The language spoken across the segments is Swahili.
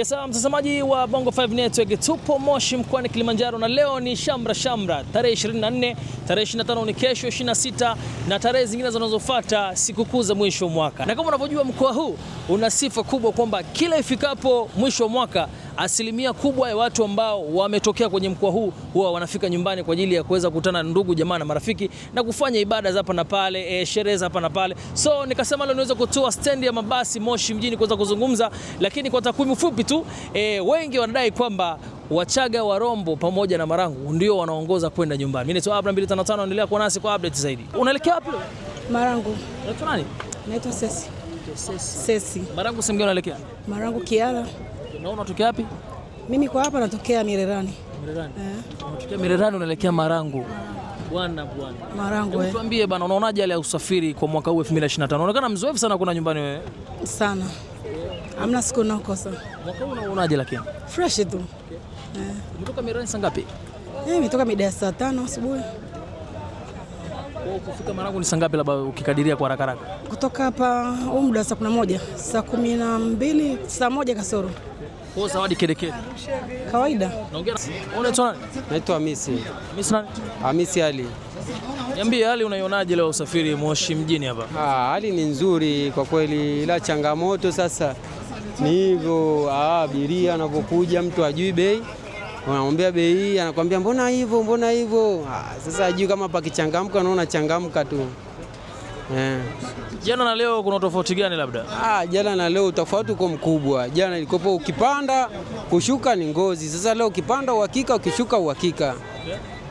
Yes, mtazamaji wa Bongo 5 Network tupo Moshi mkoani Kilimanjaro na leo ni shamra shamra, tarehe 24, tarehe 25 ni kesho 26 na tarehe zingine zinazofuata sikukuu za mwisho wa mwaka. Na kama unavyojua mkoa huu una sifa kubwa kwamba kila ifikapo mwisho wa mwaka asilimia kubwa ya watu ambao wametokea kwenye mkoa huu huwa wanafika nyumbani kwa ajili ya kuweza kukutana ndugu jamaa na marafiki na kufanya ibada za hapa na pale, e, sherehe za hapa na pale. So nikasema leo niweze kutoa stendi ya mabasi Moshi mjini kuweza kuzungumza, lakini kwa takwimu fupi tu e, wengi wanadai kwamba Wachaga, Warombo pamoja na Marangu ndio wanaongoza kwenda nyumbani. Mimi ni Abra 255, endelea kuwa nasi kwa update zaidi. Unaelekea wapi? Marangu. Unaitwa nani? Naitwa Sesi. Sesi. Sesi. Marangu sehemu gani unaelekea? Marangu Kiara. Na unatokea wapi? Mimi kwa hapa natokea Mirerani. Mirerani. Eh. Unatokea Mirerani unaelekea Marangu. Bwana bwana. Marangu eh. Tuambie bwana, unaonaje hali ya usafiri kwa mwaka huu 2025? Unaonekana mzoefu sana kuna nyumbani wewe. Sana. Hamna siku nakosa. Mwaka huu unaonaje lakini? Fresh tu. Okay. Eh. Umetoka Mirerani saa ngapi? Eh, nimetoka mida ya saa 5 asubuhi. Kufika Marangu ni saa ngapi, labda ukikadiria kwa haraka haraka? Kutoka hapa huu muda saa 11, saa 12, saa moja kasoro. Kwa zawadi kedekede. Kawaida. Naongea. Unaitwa nani? Naitwa Hamisi. Hamisi nani? Hamisi Ali. Niambie, hali unaionaje leo usafiri Moshi mjini hapa? Ah, hali ni nzuri kwa kweli, ila changamoto sasa ni hivyo, ah, abiria anapokuja mtu ajui bei unamwambia bei hii, anakwambia mbona hivyo, mbona hivyo. Ah, sasa ajui kama pakichangamka, naona changamka tu eh. Jana na leo kuna tofauti gani labda? Ah, jana na leo tofauti uko mkubwa. Jana ilikopo ukipanda kushuka ni ngozi, sasa leo ukipanda uhakika, ukishuka uhakika.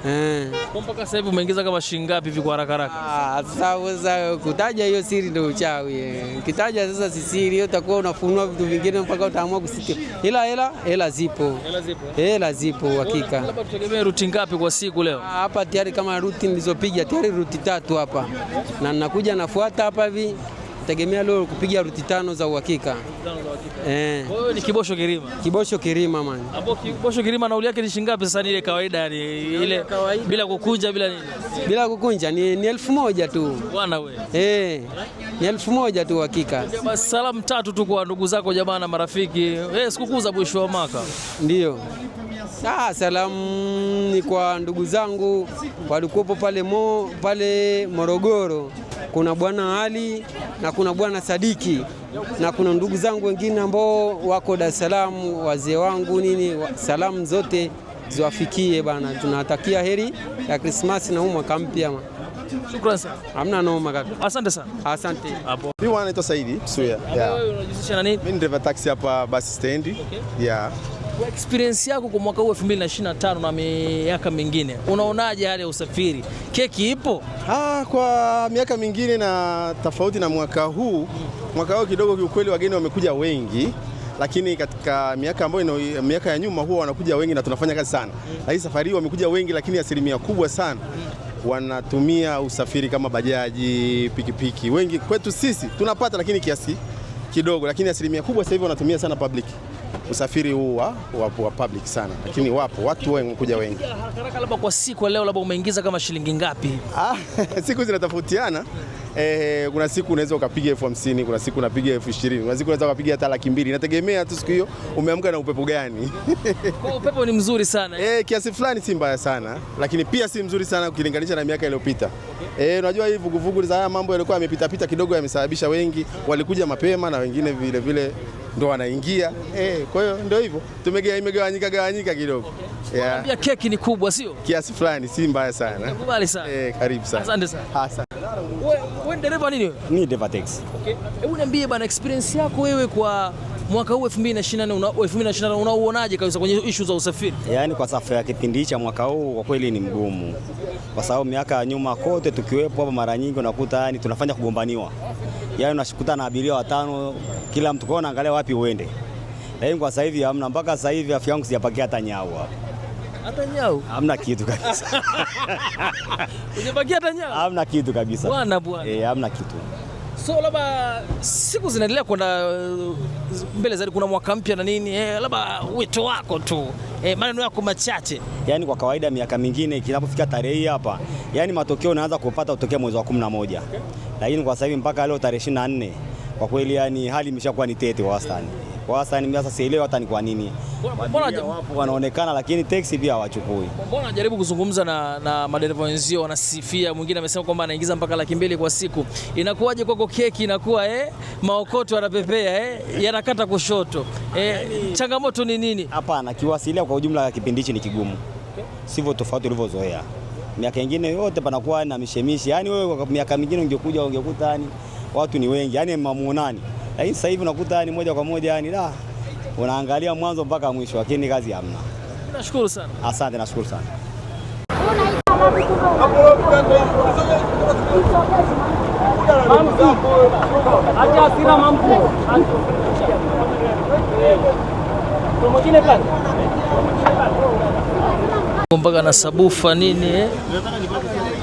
Eh. Mpaka sasa hivi umeingiza kama shilingi ngapi hivi kwa haraka haraka? Ah, sasa kutaja hiyo siri ndio uchawi. Eh. kitaja sasa si siri, hiyo utakuwa unafunua vitu vingine mpaka utaamua kusitia. Ila hela, hela zipo. Hela zipo. Hela zipo hakika. Labda tutegemee ruti ngapi kwa siku leo? Ah, hapa tayari kama ruti nilizopiga tayari ruti tatu hapa. Na ninakuja nafuata hapa hivi nategemea leo kupiga ruti tano za uhakika. Eh. Kwa ni Kibosho Kirima. Kibosho Kirima man. Hapo Kibosho Kirima nauli yake ni shilingi ngapi sasa ile kawaida yani ile kawaida. bila kukunja bila nini? Bila kukunja ni, ni elfu moja tu. Bwana wewe. Eh. Ni elfu moja tu uhakika. Basi salamu tatu tu kwa ndugu zako jamaa na marafiki. Eh, sikukuu za mwisho wa mwaka. Ndio. Ah, salamu ni kwa ndugu zangu walikuwepo pale mo, pale Morogoro kuna bwana Ali na kuna bwana Sadiki na kuna ndugu zangu wengine ambao wako Dar es Salaam, wazee wangu nini, salamu zote ziwafikie bana. Tunawatakia heri ya Krismasi na huu mwaka mpya. Shukrani sana. Hamna noma kaka. Asante sana. Asante. Hapo. Mimi naitwa Saidi Suya. Yeah. Wewe Unajihusisha na nini? Mimi ni driver taxi hapa bus stand. Okay. Yeah. Kwa experience yako kwa mwaka huu 2025 na miaka mingine, unaonaje hali ya usafiri? Keki ipo? Ah, kwa miaka mingine na tofauti na mwaka huu, mwaka huu kidogo kiukweli wageni wamekuja wengi lakini katika miaka ambayo miaka ya nyuma huwa wanakuja wengi na tunafanya kazi sana, mm. lakini safari hii wamekuja wengi, lakini asilimia kubwa sana mm. wanatumia usafiri kama bajaji, pikipiki. Wengi kwetu sisi tunapata, lakini kiasi kidogo, lakini asilimia kubwa sasa hivi wanatumia sana public usafiri huu wa, wa public sana, lakini wapo watu wengi kuja wengi. Haraka haraka, labda kwa siku leo, labda umeingiza kama shilingi ngapi? Ah, siku zinatofautiana eh, kuna siku unaweza ukapiga elfu hamsini kuna siku unapiga elfu ishirini kuna siku unaweza ukapiga hata laki mbili inategemea tu siku hiyo umeamka na upepo gani. Kwa upepo ni mzuri sana eh, kiasi fulani si mbaya sana, lakini pia si mzuri sana ukilinganisha na miaka iliyopita. Eh, unajua hii vuguvugu za haya mambo yalikuwa yamepita pita kidogo, yamesababisha wengi walikuja mapema na wengine vile vile ndo wanaingia eh, kwa hiyo ndio hivyo tumegea, imegawanyika gawanyika kidogo. Okay. Yeah. Ambia keki ni kubwa sio? Kiasi fulani si mbaya sana. sana. Eh, karibu sana. Asante sana. Asante dereva nini Ni dereva taxi. Okay. Hebu niambie bana experience yako wewe kwa mwaka huu 2024 unauonaje kabisa kwenye issue za usafiri? Yaani kwa safari ya kipindi cha mwaka huu kwa kweli ni mgumu, kwa sababu miaka ya nyuma kote tukiwepo hapa, mara nyingi unakuta yani tunafanya kugombaniwa, yaani unashikuta na abiria watano, kila mtu kwa anaangalia wapi uende, lakini kwa sasa hivi hamna. Mpaka sasa hivi afya yangu sijapakia hata nyau hapa hata nyau hamna kitu kabisa. hata nyau hamna kitu kabisa bwana bwana, eh hamna kitu. So labda siku zinaendelea kwenda eh, mbele zaidi, kuna mwaka mpya na nini eh, labda wito wako tu eh, maneno yako machache. Yaani kwa kawaida miaka mingine kinapofika tarehe hii hapa, yaani matokeo unaanza kupata kutokea mwezi wa 11 okay. Lakini kwa sasa hivi mpaka leo tarehe 24 kwa kweli, yani hali imeshakuwa ni tete kwa wastani. Kwa sasa mimi sasa sielewi hata ni kwa nini Mbona wapo wanaonekana, lakini taxi pia hawachukui. Mbona najaribu kuzungumza na, na madereva wenzio wanasifia, mwingine amesema kwamba anaingiza mpaka laki mbili kwa siku. Inakuwaje kwako? Keki inakuwa eh, maokoto yanapepea eh, yanakata kushoto eh, yaani- changamoto ni nini? Hapana, kiwasilia kwa ujumla ya kipindi hichi ni kigumu, sivyo tofauti ulivyozoea miaka mingine yote panakuwa na mishemishi. Yaani wewe miaka mingine ungekuja ungekuta yani watu ni wengi, Yaani mamuonani lakini sasa hivi unakuta yani moja kwa moja yani da unaangalia mwanzo mpaka mwisho, lakini kazi hamna. Nashukuru sana. Asante, nashukuru sana. Mpaka na sabufa nini eh?